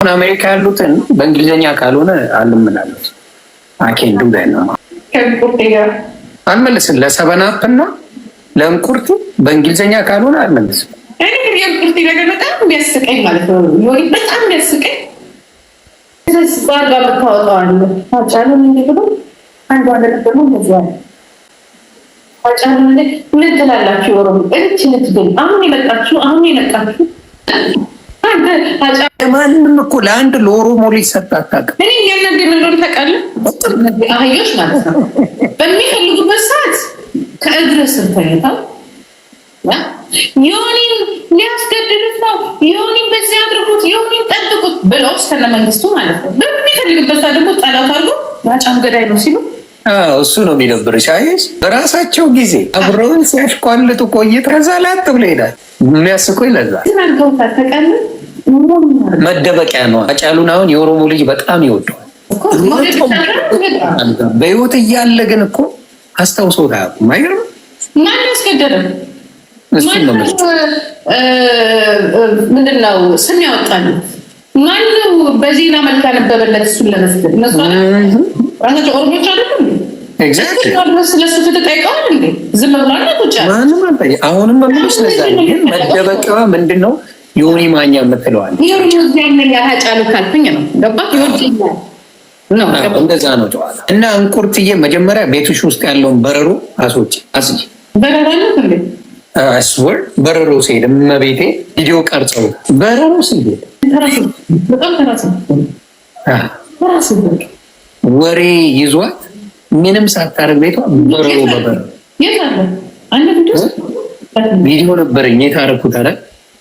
አሁን አሜሪካ ያሉትን በእንግሊዝኛ ካልሆነ አልምናለት አኬንዱ ላይ ነው አልመልስም። ለሰበናፕ እና ለእንቁርቱ በእንግሊዝኛ ካልሆነ አልመልስም። የእንቁርቲ ነገር በጣም የሚያስቀኝ ማለት ነው። በጣም የሚያስቀኝ አሁን የመጣችሁ አሁን የመጣችሁ ማንም እኮ ለአንድ ለኦሮሞ ሊሰጣታቅ እኔ እያናደ ምንደሆነ ታውቃለህ? አህዮች ማለት ነው በሚፈልጉበት ሰዓት ከእግር ስር ተኝተው ዮኒን ሊያስገድሉት ነው፣ ዮኒን በዚህ አድርጉት፣ ዮኒን ጠብቁት ብለው እስከነ መንግስቱ ማለት ነው በሚፈልግበት ሰዓት ደግሞ ጠላት አሉ ማጫም ገዳይ ነው ሲሉ እሱ ነው የሚነብር ሻይስ በራሳቸው ጊዜ አብረውን ሲያሽኳልጡ ቆይት ከዛ ላጥ ብሎ ይሄዳል። የሚያስቆ ተቀልን መደበቂያ ነው። አጫሉን አሁን የኦሮሞ ልጅ በጣም ይወደዋል። በህይወት እያለ ግን እኮ አስታውሶ ታያቁም። አይገርም? ማን ያስገደደው? ምንድነው ስም ያወጣል? ማነው በዜና መልክ ያነበበለት እሱን ለመስገድ? ራሳቸው ኦሮሞች አይደሉም? ስለሱ ተጠይቀዋል ዝም ብሏል። አሁንም መመለስ ለዛ ግን መደበቂያዋ ምንድን ነው? ዮኒ ማኛ የምትለዋል እንደዛ ነው ጨዋታ። እና እንቁርትዬ መጀመሪያ ቤትሽ ውስጥ ያለውን በረሮ አስወጪ አስጂ። በረሮ ስወር በረሮ ሲሄድ እመቤቴ ቪዲዮ ቀርጸው በረሮ ሲሄድ ወሬ ይዟት ምንም ሳታረግ ቤቷ በረሮ በበረሮ ቪዲዮ ነበረኝ የታረኩት አለ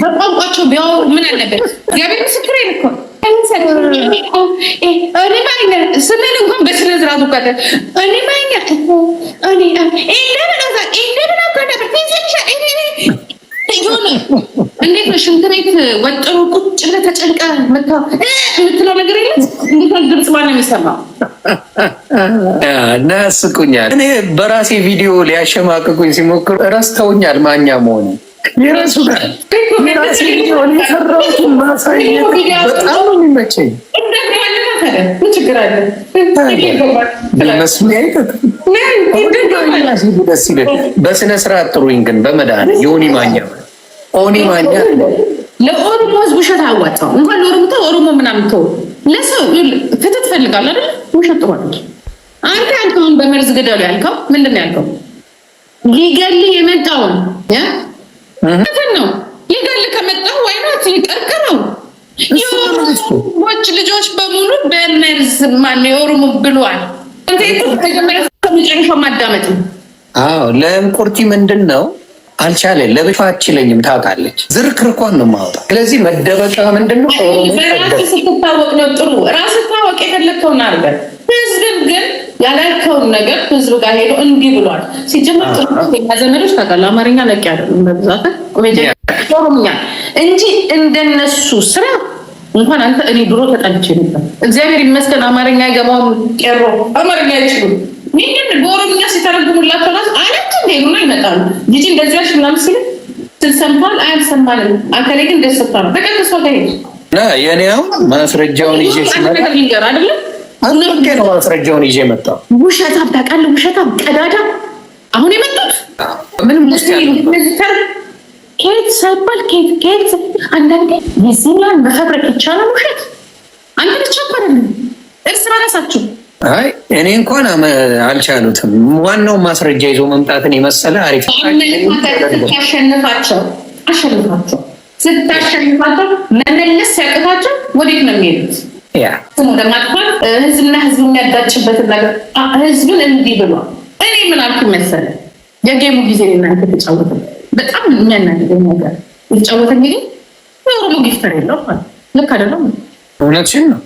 በቋንቋቸው ቢያወሩ ምን አለበት? እግዚአብሔር ምስክር እኮ እንኳን እንዴት ነው ሽንት ቤት ወጥሮ ቁጭ ብለህ ተጨንቀህ የምትለው ነገር እንዴት የሚሰማው? እና ያስቁኛል። እኔ በራሴ ቪዲዮ ሊያሸማቅቁኝ ሲሞክሩ እረስተውኛል ማኛ መሆኑ የራሱ ጋር ራሴ የሰራሁትን ማሳየት በጣም የሚመቸኝ በስነ ስርዓት ጥሩኝ፣ ግን በመድኃኒዓለም የሆኒ ማኛ ሆኒ ማኛ ለኦሮሞ ህዝብ ውሸት አያዋጣው። እንኳን ለኦሮሞ ተው፣ ኦሮሞ ምናምን ተው። ለሰው ፍትህ ትፈልጋለህ አይደል? ውሸት ጥሩ አይደል? አንተ ያልከውን በመርዝ ግደሉ ያልከው ምንድን ነው ያልከው? ሊገልህ የመጣውን እንትን ነው ይገል ከመጣሁ ወይናት ይቀርቅረው የኦሮሞዎች ልጆች በሙሉ በመርዝ ማነው የኦሮሞ ብሏል። ከመጨረሻው ማዳመጥ ነው። አዎ ለእንቁርቲ ምንድን ነው አልቻለ ለብፋ አችለኝም ታውቃለች። ዝርክርኳን ነው ማውጣ። ስለዚህ መደበጫ ምንድን ነው? ኦሮሞ ስትታወቅ ነው ጥሩ ራስ ታወቅ የፈለግከውን አርገን ህዝብም ግን ያላልከውን ነገር ህዝብ ጋር ሄዶ እንዲህ ብሏል። ሲጀመር ጥሩኛ ዘመዶች ታውቃለህ፣ አማርኛ ለቅ ያደሉ በብዛት ኦሮምኛ እንጂ እንደነሱ ስራ እንኳን አንተ እኔ ድሮ ተጠልቼ ነበር። እግዚአብሔር ይመስገን አማርኛ አይገባውም፣ ቄሮ አማርኛ አይችሉም። ይህን በኦሮምኛ ሲተረጉሙላቸው ራሱ አይነት እንዴ ይመጣሉ። ልጅ እንደዚያ ምናምን ሲል ስንሰምቷል፣ አያሰማንም። አንተ ግን ደስታ ነው። በቀደሷ ከሄድ የእኔ ያው ማስረጃውን ይዤ ሲመጣ አይደለም ልክ ነው። ማስረጃውን ይዤ መጣሁ። ውሸታም ታውቃለህ፣ ውሸታም ቀዳዳ። አሁን የመጡት ምንም ኬት ሳይባል ኬት አንዳንዴ የዚህኛን መፈብረቅ ይቻላል። ውሸት አንድ ብቻ እርስ በራሳችሁ አይ እኔ እንኳን አልቻሉትም። ዋናው ማስረጃ ይዞ መምጣትን የመሰለ አሪፍ ታሸንፋቸው አሸንፋቸው ስታሸንፋቸው መመለስ ሲያቅታቸው ወዴት ነው የሚሄዱት? ስሙ ለማጥፋት ህዝብና ህዝብ የሚያዳችበትን ነገር ህዝብን እንዲህ ብሎ እኔ ምን አልኩ የጌሙ ጊዜ እናንተ ተጫወተ። በጣም ነገር የተጫወተ የኦሮሞ ጊፍተር የለው ልክ እውነትሽን ነው።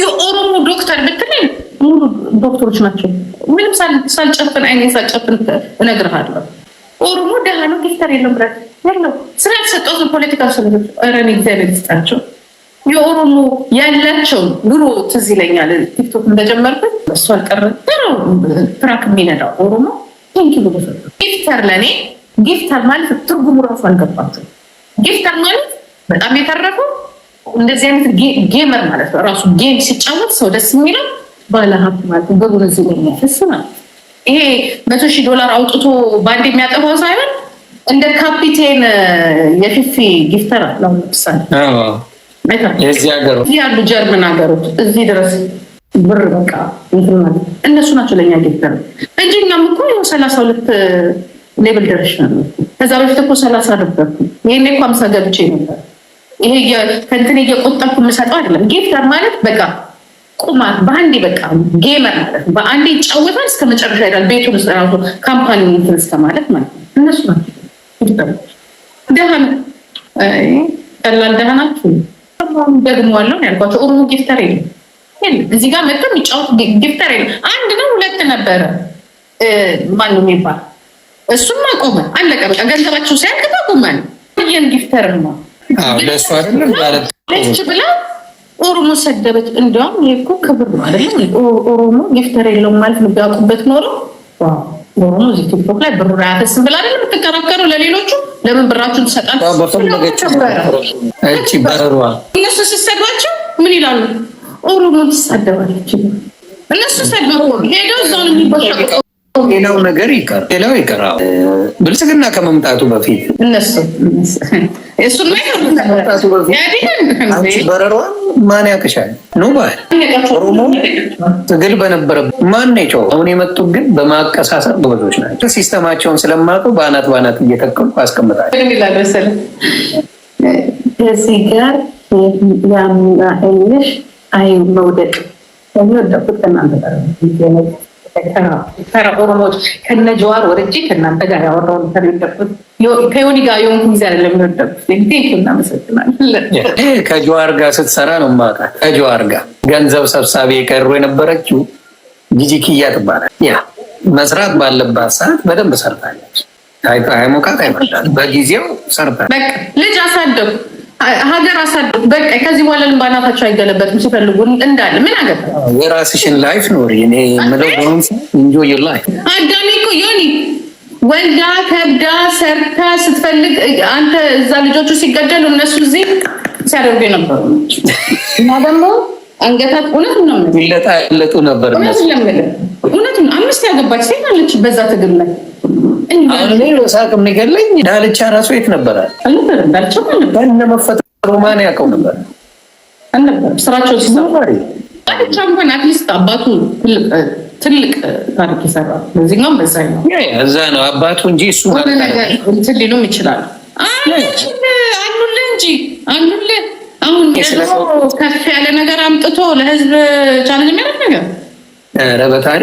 የኦሮሞ ዶክተር ብትለኝ ሙሉ ዶክተሮች ናቸው። ምንም ሳልጨፍን አይኔ ሳልጨፍን እነግርሃለሁ። ኦሮሞ ደሃ ነው፣ ጊፍተር ብላ ያለው ስራ ያልሰጠው ፖለቲካ እግዚአብሔር ይስጣቸው። የኦሮሞ ያላቸው ድሮ ትዝ ይለኛል፣ ቲክቶክ እንደጀመርበት እሱ አልቀረ ትራክ የሚነዳው ኦሮሞ ንኪ ብሎ ጊፍተር። ለእኔ ጊፍተር ማለት ትርጉሙ ራሱ አልገባቸው። ጊፍተር ማለት በጣም የተረፈው እንደዚህ አይነት ጌመር ማለት ነው። ራሱ ጌም ሲጫወት ሰው ደስ የሚለው ባለሀብት ማለት ነው። በብሩ እዚህ ላይ የሚያፈስ ማለት ይሄ መቶ ሺህ ዶላር አውጥቶ በአንድ የሚያጠፋው ሳይሆን እንደ ካፒቴን የፊፊ ጊፍተር አለ ለምሳሌ እዚህ ያሉ ጀርመን ሀገሮች እዚህ ድረስ ብር በቃ እነሱ ናቸው ለእኛ ጌተር እንጂ እኛም እኮ ሰላሳ ሁለት ሌብል ደረሽ ነው። ከዛ በፊት እኮ ሰላሳ ነበር። ይሄኔ እኮ አምሳ ገብቼ ነበር። ይሄ ከንትን እየቆጠብኩ የምሰጠው አይደለም። ጌተር ማለት በቃ ቁማት በአንዴ በቃ ጌመር ማለት በአንዴ ይጫወታል እስከ መጨረሻ ይሄዳል። ቤቱን ውስጥ ራሱ ካምፓኒ እንትን እስከ ማለት ማለት ነው። እነሱ ናቸው ደህና ቀላል ደህና ናቸው። ደግመዋለሁ ያልኳቸው ኦሮሞ ጊፍተር የለም እዚህ ጋር መጥቶ የሚጫወት ጊፍተር የለም። አንድ ነው ሁለት ነበረ ማነው የሚባል እሱም አቆመ። አለቀ በቃ ገንዘባቸው ሲያልቅ አቆመ። ይህን ጊፍተር ነው ብላ ኦሮሞ ሰደበች። እንዲያውም ይሄ እኮ ክብር ነው አይደለም ኦሮሞ ጊፍተር የለውም ማለት ነው። ቢያውቁበት ኖሮ ኦሮሞ እዚህ ቲክቶክ ላይ ብሩ አያፈስም ብላ አይደለም የምትከራከረው ለሌሎቹ ለምን ብራችሁን ትሰጣል? በረሯ እነሱ ሲሰዷቸው ምን ይላሉ? ኦሮሞን ትሳደባለች። እነሱ ሰድበው ሄደው እዛውን የሚባሻቁ ሌላው ነገር ይቀር ሌላው ይቀር። ብልጽግና ከመምጣቱ በፊት እነሱ እሱን በረሯን ማን ያቅሻል? ኑ ኦሮሞ ትግል በነበረ ማን ነው? አሁን የመጡት ግን በማቀሳሰር ጎበዞች ናቸው። ሲስተማቸውን ስለማቁ በአናት በአናት እየተከሉ አስቀምጣል። ከዚህ ጋር ያምናልሽ አይ መውደቅ የሚወደቁት ከእናንተ ጋር ኦሮሞዎች ከነ ጀዋር ወርጄ ከእናንተ ጋር ከዮኒ ጋር የሆንኩ ጊዜ አይደለም እናመሰግናለን። ከጀዋር ጋር ስትሰራ ነው ማ ከጀዋር ጋር ገንዘብ ሰብሳቢ የቀሩ የነበረችው ጂጂ ኪያ ትባላል። ያ መስራት ባለባት ሰዓት በደንብ ሰርታለች። አይሞቃት አይመጣል። በጊዜው ሰርታለች። ልጅ አሳደጉ ሀገር አሳድጉ። በቃ ከዚህ በኋላ ልንባናታቸው አይገለበትም። ሲፈልጉ እንዳለ ምን አገር የራስሽን ላይፍ ኖር እኔ የምለው ኢንጆይ ዮር ላይፍ። አዳሜ እኮ ዮኒ ወልዳ ከብዳ ሰርታ ስትፈልግ አንተ እዛ ልጆቹ ሲገደሉ እነሱ እዚህ ሲያደርጉ ነበሩ እና ደግሞ አንገታት እውነት ነው ለጣ ይለጣለጡ ነበር። እውነት ለምልህ እውነት ነው። አምስት ያገባች ሴት አለች በዛ ትግል ላይ እኔ በሳቅ የሚገለኝ ዳልቻ ራሱ የት ነበረ? አልነበረም። ዳልቻ በነ መፈጠሩ ማን ያውቀው ነበር? አልነበረም። ስራቸው ሲሰሩ ዳልቻ እንኳን አትሊስት አባቱ ትልቅ ታሪክ የሰራ በዚህኛው በዛ ነው እዛ ነው አባቱ እንጂ እሱ እንትን ሊሉም ይችላሉ። አሉለ እንጂ አሉለ አሁን ከፍ ያለ ነገር አምጥቶ ለህዝብ ቻለ የሚያደርግ ነገር ረበታሪ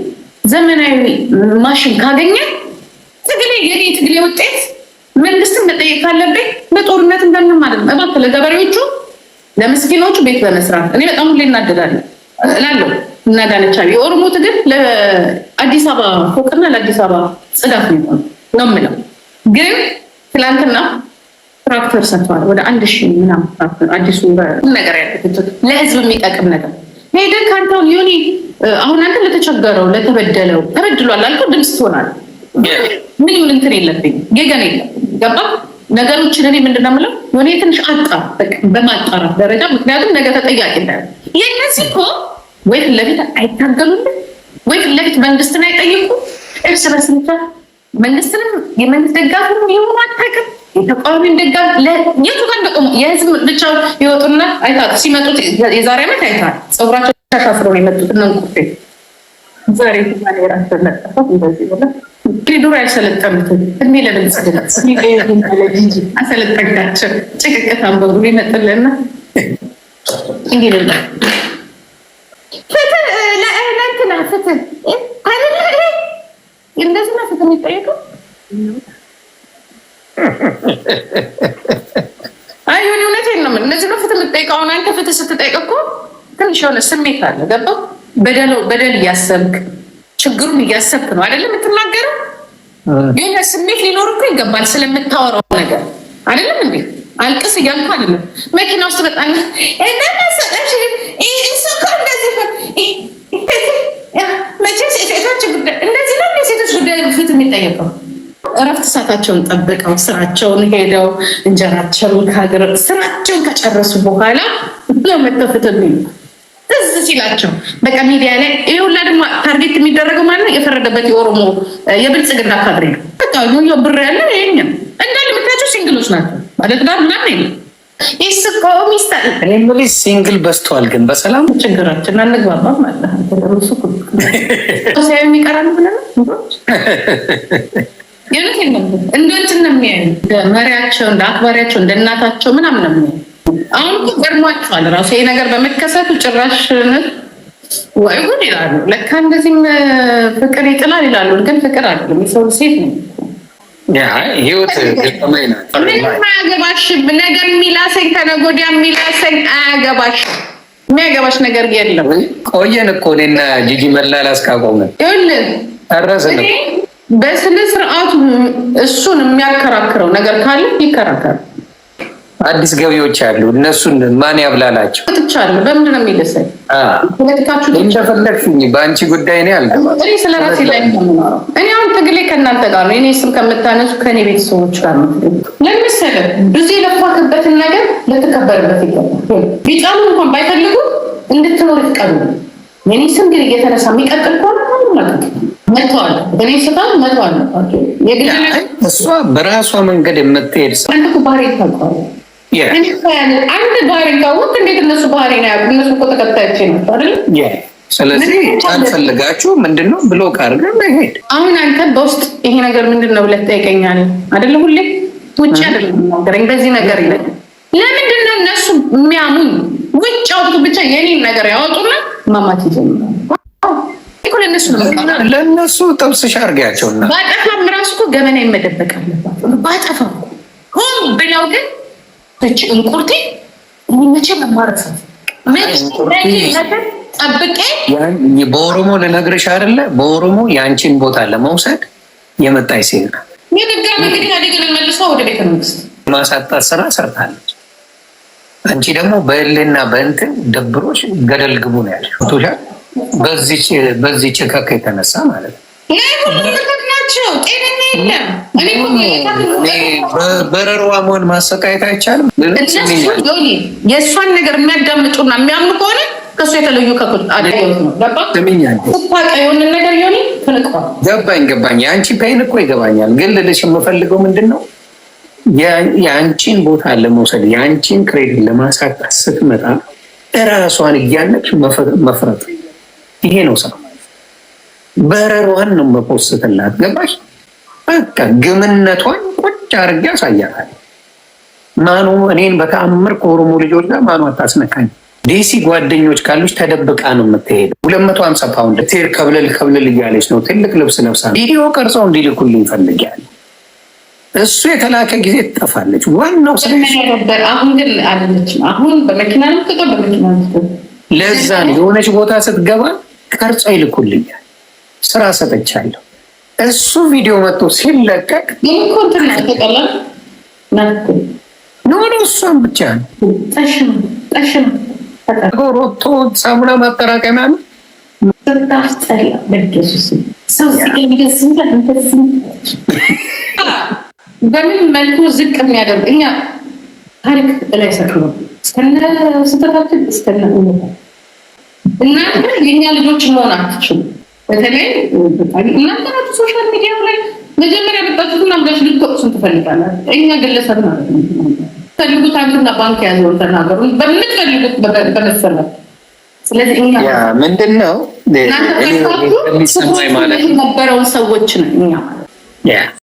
ዘመናዊ ማሽን ካገኘ ትግሌ የኔ ትግሌ ውጤት መንግስትን መጠየቅ ካለብኝ በጦርነት እንደምን ማለት ነው። እባክህ ለገበሬዎቹ ለምስኪኖቹ ቤት በመስራት እኔ በጣም ሁሌ እናደዳለን እላለሁ። እናዳነቻ የኦሮሞ ትግል ለአዲስ አበባ ፎቅና ለአዲስ አበባ ጽዳት ነው ነው የምለው። ግን ትላንትና ትራክተር ሰጥተዋል። ወደ አንድ ሺ ምናምን ትራክተር አዲሱ ነገር ያለ ለህዝብ የሚጠቅም ነገር ሄደ ከአንተውን ዮኒ አሁን አንተ ለተቸገረው ለተበደለው ተበድሏል አልከው ድምፅ ትሆናል። ምን ይሁን እንትን የለብኝ ጌገን የለም ገባ ነገሮችን እኔ ምንድን ነው የምለው ትንሽ አጣ በማጣራት ደረጃ ምክንያቱም ነገ ተጠያቂ ነ የእነዚህ እኮ ወይ ፊት ለፊት አይታገሉልን ወይ ፊት ለፊት መንግስትን አይጠይቁ እርስ በርስ መንግስትንም የመንግስት ደጋፊም ይሁኑ አታውቅም። የተቃዋሚን ደጋፊ የቱ ጋር እንደቆሙ የህዝብ ብቻ ይወጡና አይታ ሲመጡት የዛሬ ዓመት አይተዋል። ፀጉራቸው ሻሻፍሮ ነው የመጡት። እነ ዛሬ ራቸው ለጠፋት እንደዚህ እድሜ ለብልጽግና ጭቅቅት አንበሩ ይመጥልና ፍትህ ለእህለንትና ፍትህ አይደለ እንደዚህ ነው ፍትህ የሚጠየቀው። አይ ሆን እውነቴን ነው። እንደዚህ ነው ፍትህ የምትጠይቀው። አሁን አንተ ፍትህ ስትጠይቅ እኮ ትንሽ የሆነ ስሜት አለ። ገባው በደል እያሰብክ ችግሩን እያሰብክ ነው አይደለም የምትናገረው። የሆነ ስሜት ሊኖር እኮ ይገባል ስለምታወራው ነገር አይደለም እንዴ? አልቅስ እያልኩ አይደለም። መኪና ውስጥ በጣም መቼስ የሴቶች ጉዳይ እንደዚህ ነው። የሴቶች ጉዳይ ፊት የሚጠየቀው እረፍት ሰዓታቸውን ጠብቀው ስራቸውን ሄደው እንጀራቸውን ከሀገር ስራቸውን ከጨረሱ በኋላ ብለው መተፍት የሚሉ እዝ ሲላቸው በቃ ሚዲያ ላይ ይሄ ሁላ ደግሞ ታርጌት የሚደረገው ማለት ነው። የፈረደበት የኦሮሞ የብልጽግና ካድሬ ነው። በቃ ብር ያለ ይሄኛው እንዳለ የምታቸው ሲንግሎች ናቸው ማለት ዳር ምናምን የለም ይስኮ ሚስተር እንግሊዝ ሲንግል በዝቷል። ግን በሰላም ችግራችን አንግባባም የሚቀራል እንደሚያዩ መሪያቸው እንደ አክባሪያቸው እንደ እናታቸው ምናምን ነው ገርሟቸዋል ራሱ ይሄ ነገር በመከሰቱ ጭራሽ ወይ ይላሉ። ለካ እንደዚህም ፍቅር ይጥላል ይላሉ። ግን ፍቅር አይደለም የሰው ሴት ነው ህይወት ምንም አያገባሽም። ነገ የሚላሰኝ ከነገ ወዲያ የሚላሰኝ አያገባሽም። የሚያገባሽ ነገር የለም። ቆየን እኮ እኔና ጂጂ መላላስ ካቆምን በስነ ስርዓቱ እሱን የሚያከራክረው ነገር ካለ ይከራከራል። አዲስ ገቢዎች አሉ። እነሱን ማን ያብላላቸው? ትቻለ በምንድን ነው የሚልሰኝ? እንደፈለግሽኝ በአንቺ ጉዳይ ነው ያለ። እኔ ስለ ራሴ ላይ እኔ አሁን ትግሌ ከእናንተ ጋር ነው። እኔ ስም ከምታነሱ ከእኔ ቤተሰቦች ጋር ነው። ለምን ብዙ የለፋክበትን ነገር ለተከበርበት ይገባል። ቢጫሉ እንኳን ባይፈልጉ እንድትኖር ይፍቀዱ። የኔ ስም ግን እየተነሳ የሚቀጥል ከሆነ ሁ መተዋል በእኔ ስታ መተዋል። እሷ በራሷ መንገድ የምትሄድ ሰው አንድ ባህሪ ታውቀዋለህ አንተ ባህሪ ካወቅ እንዴት እነሱ ባህሪ ነው እነሱ እኮ ተከታዮች ናቸው አይደል? ስለዚህ ጫን ምንድን ነው ብሎ ካርገ አሁን አንተ በውስጥ ይሄ ነገር ምንድን ነው ብለህ ትጠይቀኛለህ አይደለ? ሁሌ ውጭ አይደለም ነገረኝ፣ በዚህ ነገር ይለ ለምንድን ነው እነሱ የሚያሙኝ? ውጭ አውጡ ብቻ የኔን ነገር ያወጡና ማማት ይጀምራል። ለእነሱ ጥብስሽ አድርጊያቸውና ባጠፋም ራሱ እኮ ገበና መደበቅ አለባቸው። ባጠፋም ሆን ብለው ግን እች እንቁርቲ መቼ መማረፍ ነው ጠብቄ በኦሮሞ ልነግርሽ አይደለ፣ በኦሮሞ የአንቺን ቦታ ለመውሰድ የመጣች ሴት ናት። ማሳጣት ስራ ሰርታለች። አንቺ ደግሞ በእልና በእንትን ደብሮች ገደል ግቡ ነው ያለ ቶሻ በዚህ ጭከክ የተነሳ ማለት ነው ናቸው በረሯ መሆን ማሰቃየት አይቻልም። የእሷን ነገር የሚያዳምጡና የሚያምኑ ከሆነ ከእሱ የተለዩ ነገር ሆኒ ገባኝ ገባኝ። የአንቺ ፔን እኮ ይገባኛል። ግን ልልሽ የምፈልገው ምንድን ነው የአንቺን ቦታ ለመውሰድ የአንቺን ክሬዲት ለማሳጣት ስትመጣ እራሷን እያነች መፍረት፣ ይሄ ነው ሰው። በረሯን ነው መፖስትላት። ገባሽ? በቃ ግምነቷን ቁጭ አድርጌ ያሳያታል። ማኑ እኔን በተአምር ከኦሮሞ ልጆች ጋር ማኑ አታስነካኝ። ዴሲ ጓደኞች ካሉች ተደብቃ ነው የምትሄደ። ሁለት መቶ ሀምሳ ፓውንድ ቴር ከብለል ከብለል እያለች ነው። ትልቅ ልብስ ለብሳ ቪዲዮ ቀርጸው እንዲልኩልኝ ይፈልጋል። እሱ የተላከ ጊዜ ትጠፋለች። ዋናው ስለነበር አሁን ግን አለችም። አሁን በመኪና ነው በመኪና ለዛ ነው የሆነች ቦታ ስትገባ ቀርጾ ይልኩልኛል። ስራ ሰጠቻለሁ እሱ ቪዲዮ መጥቶ ሲለቀቅ ኖሮ እሷን ብቻ ነው ሮቶ ሳሙና ማጠራቀሚያ በምን መልኩ ዝቅ የሚያደርግ እኛ ታሪክ ላይ ሰክሮ እስከነ ስተታችን እስከነ እናንተ የእኛ ልጆች መሆን አትችሉ በተለይ እናንተ ናችሁ ሶሻል ሚዲያ ላይ መጀመሪያ የመጣችሁትን አምዳችሁ ልትወቅሱን ትፈልጋላችሁ። እኛ ግለሰብ ማለት ፈልጉት አንትና ባንክ የያዘውን ተናገሩ በምትፈልጉት በመሰረት ምንድን ነው እናንተ ነበረውን ሰዎች ነው እኛ ማለት